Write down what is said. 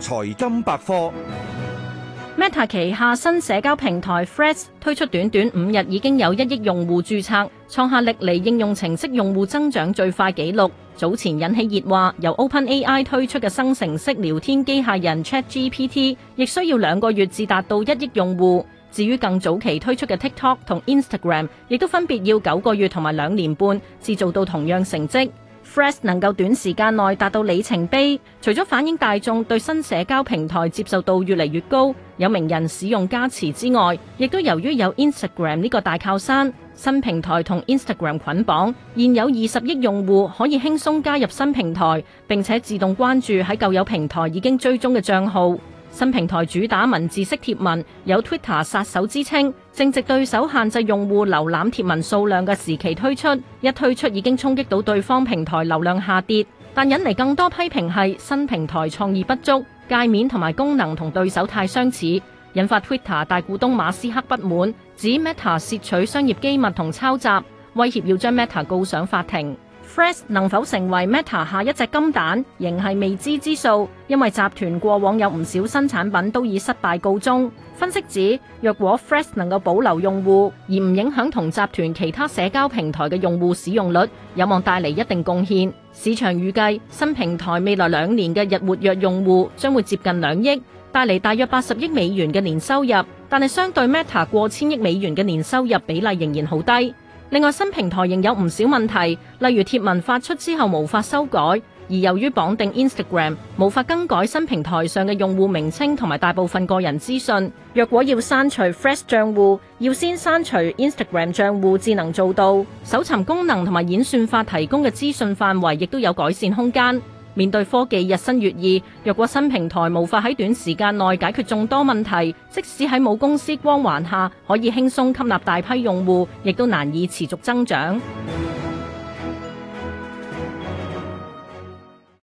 財金百科，Meta 旗下新社交平台 Threads 推出短短五日，已經有一億用戶註冊，創下歷嚟應用程式用戶增長最快紀錄。早前引起熱話，由 OpenAI 推出嘅生成式聊天機械人 ChatGPT，亦需要兩個月至達到一億用戶。至於更早期推出嘅 TikTok 同 Instagram，亦都分別要九個月同埋兩年半至做到同樣成績。Threads 能夠短時間內達到里程碑，除咗反映大眾對新社交平台接受度越嚟越高，有名人使用加持之外，亦都由於有 Instagram 呢個大靠山，新平台同 Instagram 捆綁，現有二十億用戶可以輕鬆加入新平台，並且自動關注喺舊有平台已經追蹤嘅帳號。新平台主打文字式貼文，有 Twitter 殺手之稱。正值對手限制用戶瀏覽貼文數量嘅時期推出，一推出已經衝擊到對方平台流量下跌，但引嚟更多批評係新平台創意不足、介面同埋功能同對手太相似，引發 Twitter 大股東馬斯克不滿，指 Meta 竊取商業機密同抄襲，威脅要將 Meta 告上法庭。Threads 能否成為 Meta 下一隻金蛋，仍係未知之數，因為集團過往有唔少新產品都以失敗告終。分析指，若果 Threads 能夠保留用戶，而唔影響同集團其他社交平台嘅用戶使用率，有望帶嚟一定貢獻。市場預計新平台未來兩年嘅日活躍用戶將會接近兩億，帶嚟大約八十億美元嘅年收入，但係相對 Meta 過千億美元嘅年收入比例仍然好低。另外，新平台仍有唔少問題，例如貼文發出之後無法修改，而由於綁定 Instagram，無法更改新平台上嘅用戶名稱同埋大部分個人資訊。若果要刪除 Threads 賬戶，要先刪除 Instagram 賬戶，至能做到。搜尋功能同埋演算法提供嘅資訊範圍，亦都有改善空間。面對科技日新月異，若果新平台無法喺短時間內解決眾多問題，即使喺母公司光環下，可以輕鬆吸納大批用戶，亦都難以持續增長。